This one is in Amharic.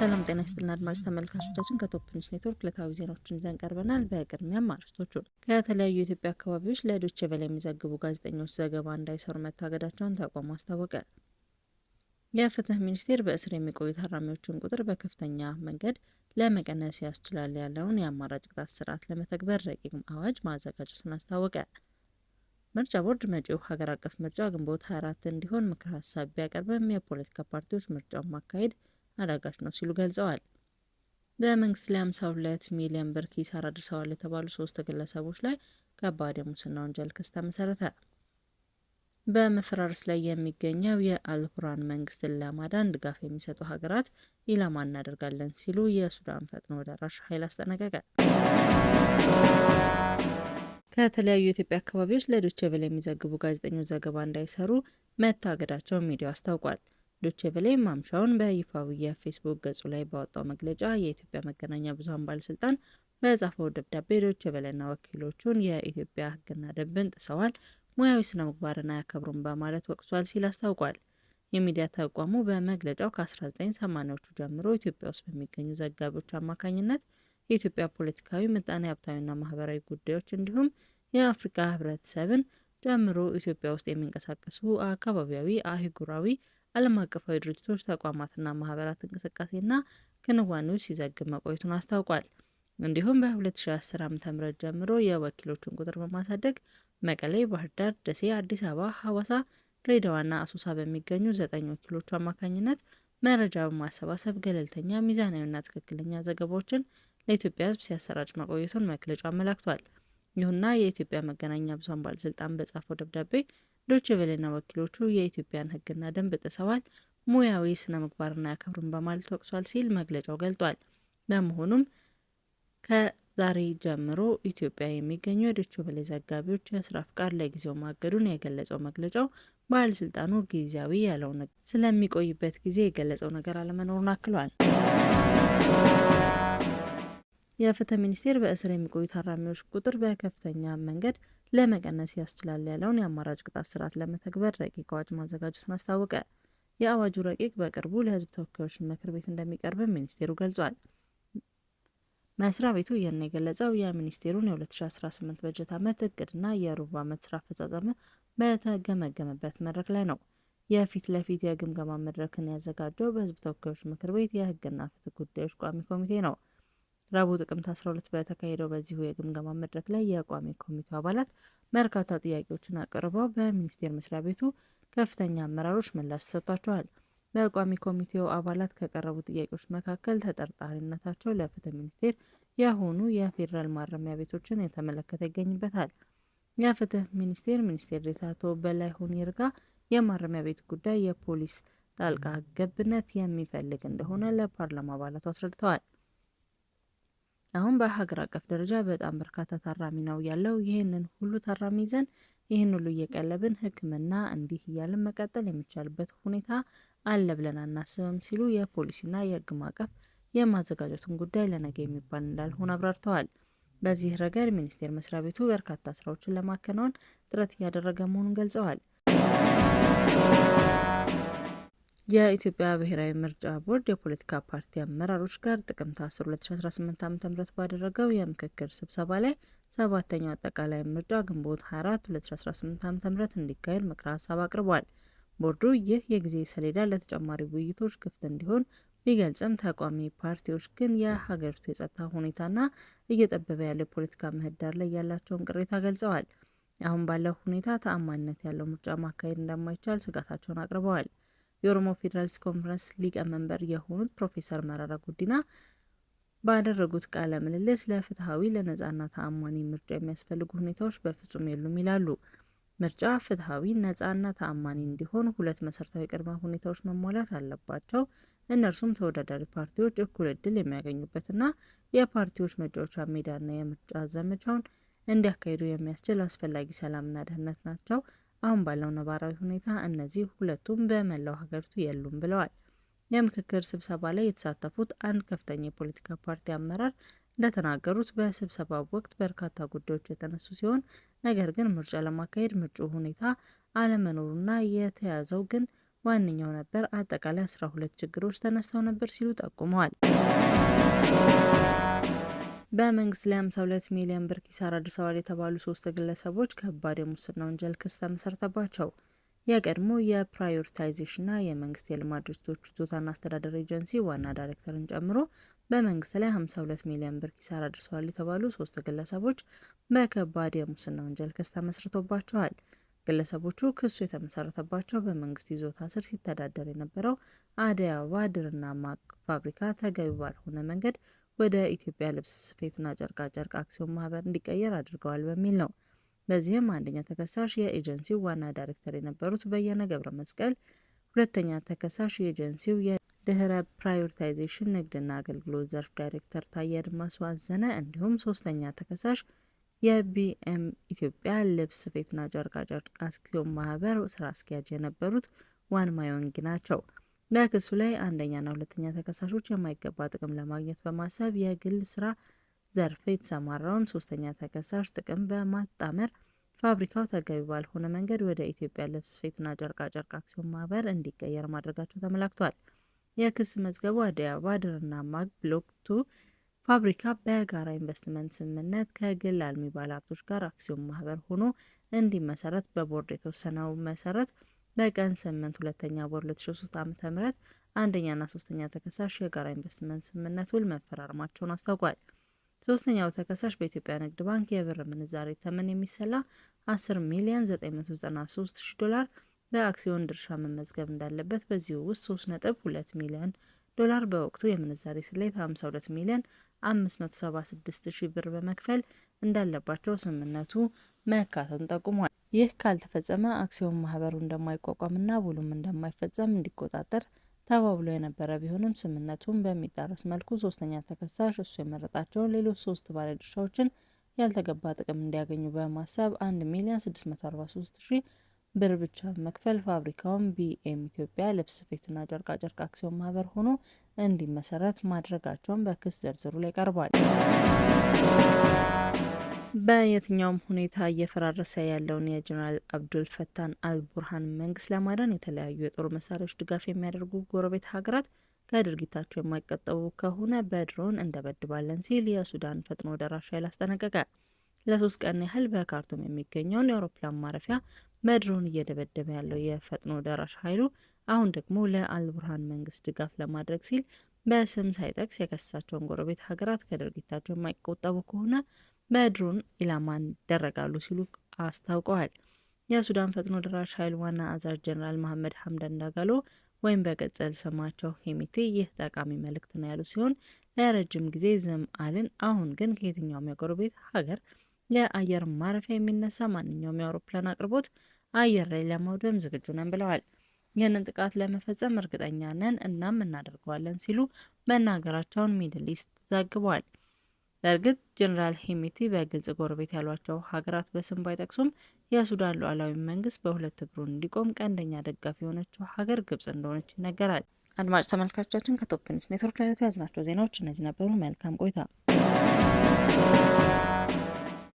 ሰላም ጤና ይስጥልን አድማጭ ተመልካቾቻችን ከቶፕ ኒውስ ኔትወርክ ዕለታዊ ዜናዎችን ይዘን ቀርበናል። በቅድሚያም አርዕስቶቹ ከተለያዩ የኢትዮጵያ አካባቢዎች ለዶይቼ ቬለ የሚዘግቡ ጋዜጠኞች ዘገባ እንዳይሰሩ መታገዳቸውን ተቋሙ አስታወቀ። የፍትህ ሚኒስቴር በእስር የሚቆዩ ታራሚዎችን ቁጥር በከፍተኛ መንገድ ለመቀነስ ያስችላል ያለውን የአማራጭ ቅጣት ስርዓት ለመተግበር ረቂቅ አዋጅ ማዘጋጀቱን አስታወቀ። ምርጫ ቦርድ መጪው ሀገር አቀፍ ምርጫ ግንቦት 24 እንዲሆን ምክር ሀሳብ ቢያቀርብም የፖለቲካ ፓርቲዎች ምርጫውን ማካሄድ አዳጋች ነው ሲሉ ገልጸዋል። በመንግስት ላይ 52 ሚሊዮን ብር ኪሳራ አድርሰዋል የተባሉ ሶስት ግለሰቦች ላይ ከባድ የሙስና ወንጀል ክስ ተመሰረተ። በመፈራረስ ላይ የሚገኘው የአልቡርሃን መንግስትን ለማዳን ድጋፍ የሚሰጡ ሀገራት ኢላማ እናደርጋለን ሲሉ የሱዳን ፈጥኖ ደራሽ ኃይል አስጠነቀቀ። ከተለያዩ የኢትዮጵያ አካባቢዎች ለዶቼ ቬለ የሚዘግቡ ጋዜጠኞች ዘገባ እንዳይሰሩ መታገዳቸው ሚዲያው አስታውቋል። ዶቼ ቬለ ማምሻውን በይፋዊ የፌስቡክ ገጹ ላይ ባወጣው መግለጫ የኢትዮጵያ መገናኛ ብዙኃን ባለስልጣን በጻፈው ደብዳቤ ዶቼ ቬለና ወኪሎቹን የኢትዮጵያ ሕግና ደንብን ጥሰዋል፣ ሙያዊ ስነ ምግባርን አያከብሩም በማለት ወቅሷል ሲል አስታውቋል። የሚዲያ ተቋሙ በመግለጫው ከ1980ዎቹ ጀምሮ ኢትዮጵያ ውስጥ በሚገኙ ዘጋቢዎች አማካኝነት የኢትዮጵያ ፖለቲካዊ፣ ምጣኔ ሀብታዊና ማህበራዊ ጉዳዮች እንዲሁም የአፍሪካ ህብረተሰብን ጨምሮ ኢትዮጵያ ውስጥ የሚንቀሳቀሱ አካባቢያዊ፣ አህጉራዊ ዓለም አቀፋዊ ድርጅቶች ተቋማትና ማህበራት እንቅስቃሴና ክንዋኔዎች ሲዘግብ መቆየቱን አስታውቋል። እንዲሁም በ2010 ም ጀምሮ የወኪሎቹን ቁጥር በማሳደግ መቀሌ፣ ባህር ዳር፣ ደሴ፣ አዲስ አበባ፣ ሐዋሳ፣ ድሬዳዋና አሶሳ በሚገኙ ዘጠኝ ወኪሎቹ አማካኝነት መረጃ በማሰባሰብ ገለልተኛ፣ ሚዛናዊና ትክክለኛ ዘገባዎችን ለኢትዮጵያ ሕዝብ ሲያሰራጭ መቆየቱን መግለጫው አመላክቷል። ይሁንና የኢትዮጵያ መገናኛ ብዙሃን ባለስልጣን በጻፈው ደብዳቤ ዶች ቬለና ወኪሎቹ የኢትዮጵያን ህግና ደንብ ጥሰዋል፣ ሙያዊ ስነ ምግባርና ያከብሩን በማለት ወቅሷል ሲል መግለጫው ገልጧል። በመሆኑም ከዛሬ ጀምሮ ኢትዮጵያ የሚገኙ የዶች ቬሌ ዘጋቢዎች የስራ ፍቃድ ለጊዜው ማገዱን የገለጸው መግለጫው ባለስልጣኑ ጊዜያዊ ያለውን ስለሚቆይበት ጊዜ የገለጸው ነገር አለመኖሩን አክሏል። የፍትህ ሚኒስቴር በእስር የሚቆዩ ታራሚዎች ቁጥር በከፍተኛ መንገድ ለመቀነስ ያስችላል ያለውን የአማራጭ ቅጣት ስርዓት ለመተግበር ረቂቅ አዋጅ ማዘጋጀቱን አስታወቀ። የአዋጁ ረቂቅ በቅርቡ ለህዝብ ተወካዮች ምክር ቤት እንደሚቀርብ ሚኒስቴሩ ገልጿል። መስሪያ ቤቱ ይህን የገለጸው የሚኒስቴሩን የ2018 በጀት ዓመት እቅድና የሩብ ዓመት ስራ አፈጻጸም በተገመገመበት መድረክ ላይ ነው። የፊት ለፊት የግምገማ መድረክን ያዘጋጀው በህዝብ ተወካዮች ምክር ቤት የህግና ፍትህ ጉዳዮች ቋሚ ኮሚቴ ነው። ረቡዕ ጥቅምት 12 በተካሄደው በዚሁ የግምገማ መድረክ ላይ የቋሚ ኮሚቴው አባላት በርካታ ጥያቄዎችን አቅርበው በሚኒስቴር መስሪያ ቤቱ ከፍተኛ አመራሮች ምላሽ ተሰጥቷቸዋል። በቋሚ ኮሚቴው አባላት ከቀረቡ ጥያቄዎች መካከል ተጠርጣሪነታቸው ለፍትህ ሚኒስቴር የሆኑ የፌዴራል ማረሚያ ቤቶችን የተመለከተ ይገኝበታል። የፍትህ ሚኒስቴር ሚኒስቴር ዴኤታ አቶ በላይሁን ይርጋ የማረሚያ ቤት ጉዳይ የፖሊስ ጣልቃ ገብነት የሚፈልግ እንደሆነ ለፓርላማ አባላቱ አስረድተዋል። አሁን በሀገር አቀፍ ደረጃ በጣም በርካታ ታራሚ ነው ያለው። ይህንን ሁሉ ታራሚ ይዘን ይህን ሁሉ እየቀለብን ሕክምና እንዲህ እያለን መቀጠል የሚቻልበት ሁኔታ አለ ብለን አናስብም ሲሉ የፖሊሲና የሕግ ማዕቀፍ የማዘጋጀቱን ጉዳይ ለነገ የሚባል እንዳልሆነ አብራርተዋል። በዚህ ረገድ ሚኒስቴር መስሪያ ቤቱ በርካታ ስራዎችን ለማከናወን ጥረት እያደረገ መሆኑን ገልጸዋል። የኢትዮጵያ ብሔራዊ ምርጫ ቦርድ የፖለቲካ ፓርቲ አመራሮች ጋር ጥቅምት 10 2018 ዓ.ም ባደረገው የምክክር ስብሰባ ላይ ሰባተኛው አጠቃላይ ምርጫ ግንቦት 24 2018 ዓ.ም እንዲካሄድ ምክረ ሀሳብ አቅርቧል። ቦርዱ ይህ የጊዜ ሰሌዳ ለተጨማሪ ውይይቶች ክፍት እንዲሆን ቢገልጽም ተቃዋሚ ፓርቲዎች ግን የሀገሪቱ የጸጥታ ሁኔታና እየጠበበ ያለ የፖለቲካ ምህዳር ላይ ያላቸውን ቅሬታ ገልጸዋል። አሁን ባለው ሁኔታ ተአማኒነት ያለው ምርጫ ማካሄድ እንደማይቻል ስጋታቸውን አቅርበዋል። የኦሮሞ ፌዴራሊስት ኮንፈረንስ ሊቀመንበር የሆኑት ፕሮፌሰር መረራ ጉዲና ባደረጉት ቃለ ምልልስ ለፍትሐዊ ለነጻና ተአማኒ ምርጫ የሚያስፈልጉ ሁኔታዎች በፍጹም የሉም ይላሉ። ምርጫ ፍትሐዊ፣ ነጻና ተአማኒ እንዲሆን ሁለት መሰረታዊ ቅድመ ሁኔታዎች መሟላት አለባቸው። እነርሱም ተወዳዳሪ ፓርቲዎች እኩል እድል የሚያገኙበትና የፓርቲዎች መጫወቻ ሜዳና የምርጫ ዘመቻውን እንዲያካሂዱ የሚያስችል አስፈላጊ ሰላምና ደህንነት ናቸው። አሁን ባለው ነባራዊ ሁኔታ እነዚህ ሁለቱም በመላው ሀገሪቱ የሉም ብለዋል። የምክክር ስብሰባ ላይ የተሳተፉት አንድ ከፍተኛ የፖለቲካ ፓርቲ አመራር እንደተናገሩት በስብሰባው ወቅት በርካታ ጉዳዮች የተነሱ ሲሆን ነገር ግን ምርጫ ለማካሄድ ምቹ ሁኔታ አለመኖሩና የተያዘው ግን ዋነኛው ነበር። አጠቃላይ አስራ ሁለት ችግሮች ተነስተው ነበር ሲሉ ጠቁመዋል። በመንግስት ላይ 52 ሚሊዮን ብር ኪሳራ አድርሰዋል የተባሉ ሶስት ግለሰቦች ከባድ የሙስና ወንጀል ክስ ተመሰረተባቸው። የቀድሞ የፕራዮሪታይዜሽንና የመንግስት የልማት ድርጅቶች ይዞታና አስተዳደር ኤጀንሲ ዋና ዳይሬክተርን ጨምሮ በመንግስት ላይ 52 ሚሊዮን ብር ኪሳራ አድርሰዋል የተባሉ ሶስት ግለሰቦች በከባድ የሙስና ወንጀል ክስ ተመስርቶባቸዋል። ግለሰቦቹ ክሱ የተመሰረተባቸው በመንግስት ይዞታ ስር ሲተዳደር የነበረው አደይ አበባ ድርና ማቅ ፋብሪካ ተገቢ ባልሆነ መንገድ ወደ ኢትዮጵያ ልብስ ስፌትና ጨርቃ ጨርቅ አክሲዮን ማህበር እንዲቀየር አድርገዋል በሚል ነው። በዚህም አንደኛ ተከሳሽ የኤጀንሲው ዋና ዳይሬክተር የነበሩት በየነ ገብረ መስቀል፣ ሁለተኛ ተከሳሽ የኤጀንሲው የድህረ ፕራዮሪታይዜሽን ንግድና አገልግሎት ዘርፍ ዳይሬክተር ታዬ አድማሱ አዘነ፣ እንዲሁም ሶስተኛ ተከሳሽ የቢኤም ኢትዮጵያ ልብስ ስፌትና ጨርቃ ጨርቅ አክሲዮን ማህበር ስራ አስኪያጅ የነበሩት ዋን ማዮንጊ ናቸው። በክሱ ላይ አንደኛና ሁለተኛ ተከሳሾች የማይገባ ጥቅም ለማግኘት በማሰብ የግል ስራ ዘርፍ የተሰማራውን ሶስተኛ ተከሳሽ ጥቅም በማጣመር ፋብሪካው ተገቢ ባልሆነ መንገድ ወደ ኢትዮጵያ ልብስ ስፌትና ጨርቃጨርቅ አክሲዮን ማህበር እንዲቀየር ማድረጋቸው ተመላክቷል። የክስ መዝገቡ አዲስ አበባ ድርና ማግ ብሎክ ቱ ፋብሪካ በጋራ ኢንቨስትመንት ስምምነት ከግል አልሚ ባለሀብቶች ጋር አክሲዮን ማህበር ሆኖ እንዲመሰረት በቦርድ የተወሰነው መሰረት በቀን 8 ሁለተኛ ወር 2003 ዓ.ም አንደኛና ሶስተኛ ተከሳሽ የጋራ ኢንቨስትመንት ስምምነት ውል መፈራረማቸውን አስታውቋል። ሶስተኛው ተከሳሽ በኢትዮጵያ ንግድ ባንክ የብር ምንዛሬ ተመን የሚሰላ 10 ሚሊዮን 993 ዶላር በአክሲዮን ድርሻ መመዝገብ እንዳለበት በዚሁ ውስጥ 3.2 ሚሊዮን ዶላር በወቅቱ የምንዛሬ ስሌት 52 ሚሊዮን 576 ሺ ብር በመክፈል እንዳለባቸው ስምምነቱ መካተቱን ጠቁሟል። ይህ ካልተፈጸመ አክሲዮን ማህበሩ እንደማይቋቋምና ውሉም እንደማይፈጸም እንዲቆጣጠር ተባብሎ የነበረ ቢሆንም ስምምነቱን በሚጣረስ መልኩ ሶስተኛ ተከሳሽ እሱ የመረጣቸውን ሌሎች ሶስት ባለድርሻዎችን ያልተገባ ጥቅም እንዲያገኙ በማሰብ 1 ሚሊዮን 643 ሺህ ብር ብቻ መክፈል ፋብሪካውን ቢኤም ኢትዮጵያ ልብስ ስፌትና ጨርቃጨርቅ አክሲዮን ማህበር ሆኖ እንዲመሰረት ማድረጋቸውን በክስ ዝርዝሩ ላይ ቀርቧል። በየትኛውም ሁኔታ እየፈራረሰ ያለውን የጀኔራል አብዱል ፈታን አልቡርሃን መንግስት ለማዳን የተለያዩ የጦር መሳሪያዎች ድጋፍ የሚያደርጉ ጎረቤት ሀገራት ከድርጊታቸው የማይቀጠቡ ከሆነ በድሮን እንደበድባለን ሲል የሱዳን ፈጥኖ ደራሽ ኃይል አስጠነቀቀ። ለሶስት ቀን ያህል በካርቱም የሚገኘውን የአውሮፕላን ማረፊያ በድሮን እየደበደበ ያለው የፈጥኖ ደራሽ ኃይሉ አሁን ደግሞ ለአልቡርሃን መንግስት ድጋፍ ለማድረግ ሲል በስም ሳይጠቅስ የከሰሳቸውን ጎረቤት ሀገራት ከድርጊታቸው የማይቆጠቡ ከሆነ በድሮን ኢላማን ይደረጋሉ ሲሉ አስታውቀዋል። የሱዳን ፈጥኖ ደራሽ ኃይል ዋና አዛዥ ጀነራል መሐመድ ሐምዳን ዳጋሎ ወይም በቅጽል ስማቸው ሄሚቲ ይህ ጠቃሚ መልእክት ነው ያሉ ሲሆን ለረጅም ጊዜ ዝም አልን። አሁን ግን ከየትኛውም የጎረቤት ሀገር የአየር ማረፊያ የሚነሳ ማንኛውም የአውሮፕላን አቅርቦት አየር ላይ ለማውደም ዝግጁ ነን ብለዋል። ይህንን ጥቃት ለመፈጸም እርግጠኛ ነን እናም እናደርገዋለን ሲሉ መናገራቸውን ሚድል ኢስት ዘግቧል። በእርግጥ ጀኔራል ሄሚቲ በግልጽ ጎረቤት ያሏቸው ሀገራት በስም ባይጠቅሱም የሱዳን ሉዓላዊ መንግስት በሁለት እግሩ እንዲቆም ቀንደኛ ደጋፊ የሆነችው ሀገር ግብጽ እንደሆነች ይነገራል። አድማጭ ተመልካቾቻችን ከቶፕ ኒውስ ኔትወርክ ለዕለቱ ያዝናቸው ዜናዎች እነዚህ ነበሩ። መልካም ቆይታ